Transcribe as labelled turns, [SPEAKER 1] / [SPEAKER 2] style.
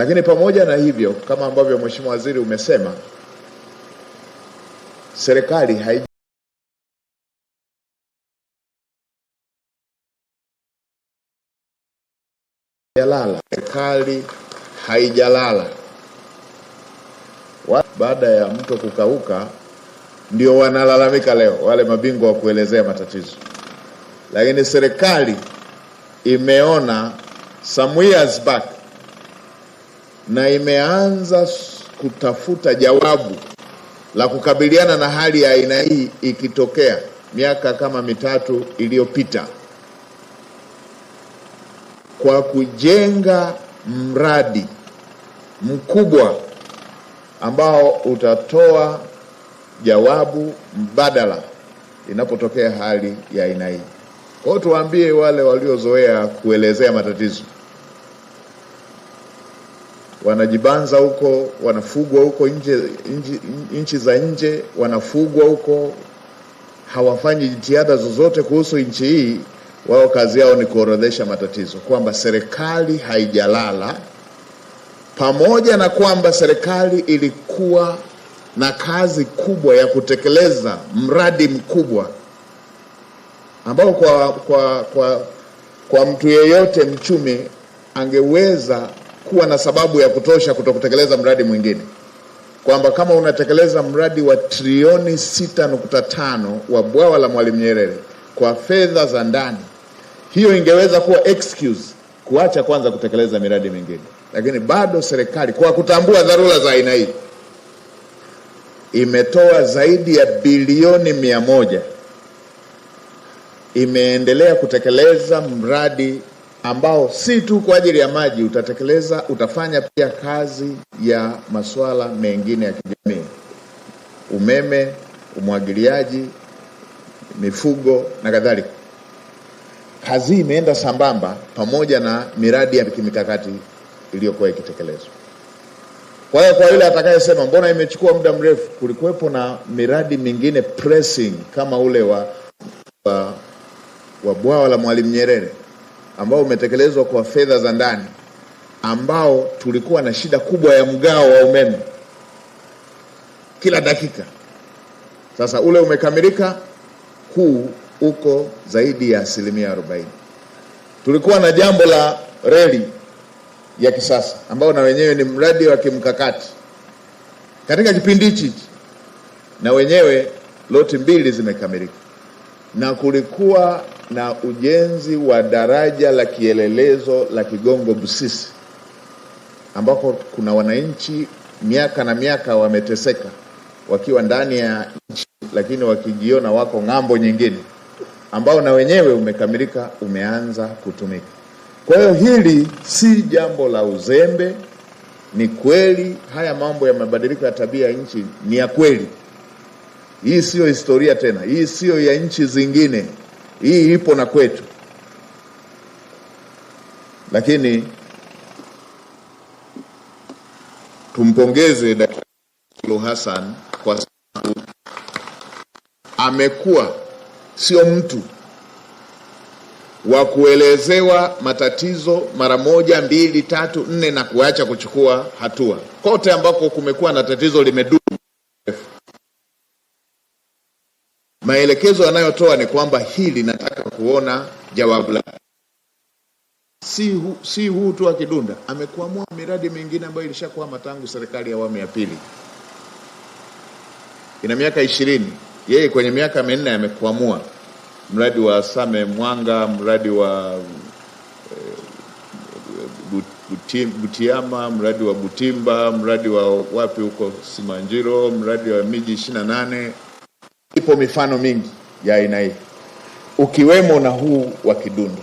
[SPEAKER 1] Lakini pamoja na hivyo, kama ambavyo Mheshimiwa Waziri umesema, serikali haij serikali haijalala. Baada ya mto kukauka, ndio wanalalamika leo wale mabingwa wa kuelezea matatizo, lakini serikali imeona some years back na imeanza kutafuta jawabu la kukabiliana na hali ya aina hii ikitokea miaka kama mitatu iliyopita kwa kujenga mradi mkubwa ambao utatoa jawabu mbadala inapotokea hali ya aina hii. Kwa hiyo tuwaambie wale waliozoea kuelezea matatizo wanajibanza huko, wanafugwa huko nje, nchi za nje, wanafugwa huko, hawafanyi jitihada zozote kuhusu nchi hii. Wao kazi yao ni kuorodhesha matatizo, kwamba serikali haijalala, pamoja na kwamba serikali ilikuwa na kazi kubwa ya kutekeleza mradi mkubwa ambao kwa, kwa, kwa, kwa mtu yeyote mchumi angeweza kuwa na sababu ya kutosha kutokutekeleza mradi mwingine, kwamba kama unatekeleza mradi wa trilioni 6.5 wa bwawa la Mwalimu Nyerere kwa fedha za ndani, hiyo ingeweza kuwa excuse kuacha kwanza kutekeleza miradi mingine, lakini bado serikali kwa kutambua dharura za aina hii imetoa zaidi ya bilioni mia moja imeendelea kutekeleza mradi ambao si tu kwa ajili ya maji, utatekeleza utafanya pia kazi ya masuala mengine ya kijamii, umeme, umwagiliaji, mifugo na kadhalika. Kazi hii imeenda sambamba pamoja na miradi ya kimikakati iliyokuwa ikitekelezwa. Kwa hiyo, kwa yule atakayesema mbona imechukua muda mrefu, kulikuwepo na miradi mingine pressing kama ule wa, wa, wa bwawa la Mwalimu Nyerere ambao umetekelezwa kwa fedha za ndani, ambao tulikuwa na shida kubwa ya mgao wa umeme kila dakika. Sasa ule umekamilika, huu uko zaidi ya asilimia 40. Tulikuwa na jambo la reli ya kisasa ambao na wenyewe ni mradi wa kimkakati katika kipindi hichi, na wenyewe loti mbili zimekamilika na kulikuwa na ujenzi wa daraja la kielelezo la Kigongo Busisi, ambako kuna wananchi miaka na miaka wameteseka wakiwa ndani ya nchi, lakini wakijiona wako ng'ambo nyingine, ambao na wenyewe umekamilika, umeanza kutumika. Kwa hiyo hili si jambo la uzembe. Ni kweli haya mambo ya mabadiliko ya tabia ya nchi ni ya kweli. Hii siyo historia tena, hii siyo ya nchi zingine. Hii ipo na kwetu, lakini tumpongeze Daktari Suluhu Hassan kwa sababu amekuwa sio mtu wa kuelezewa matatizo mara moja mbili tatu nne na kuacha kuchukua hatua. Kote ambako kumekuwa na tatizo limedumu Maelekezo anayotoa ni kwamba hili nataka kuona jawabu la si, hu, si huu tu wa Kidunda, amekwamua miradi mingine ambayo ilishakwama tangu serikali ya awamu ya pili, ina miaka ishirini. Yeye kwenye miaka minne amekwamua mradi wa Same Mwanga, mradi wa e, Butiama, mradi wa Butimba, mradi wa wapi huko Simanjiro, mradi wa miji ishirini na nane. Ipo mifano mingi ya aina hii ukiwemo na huu wa Kidundo.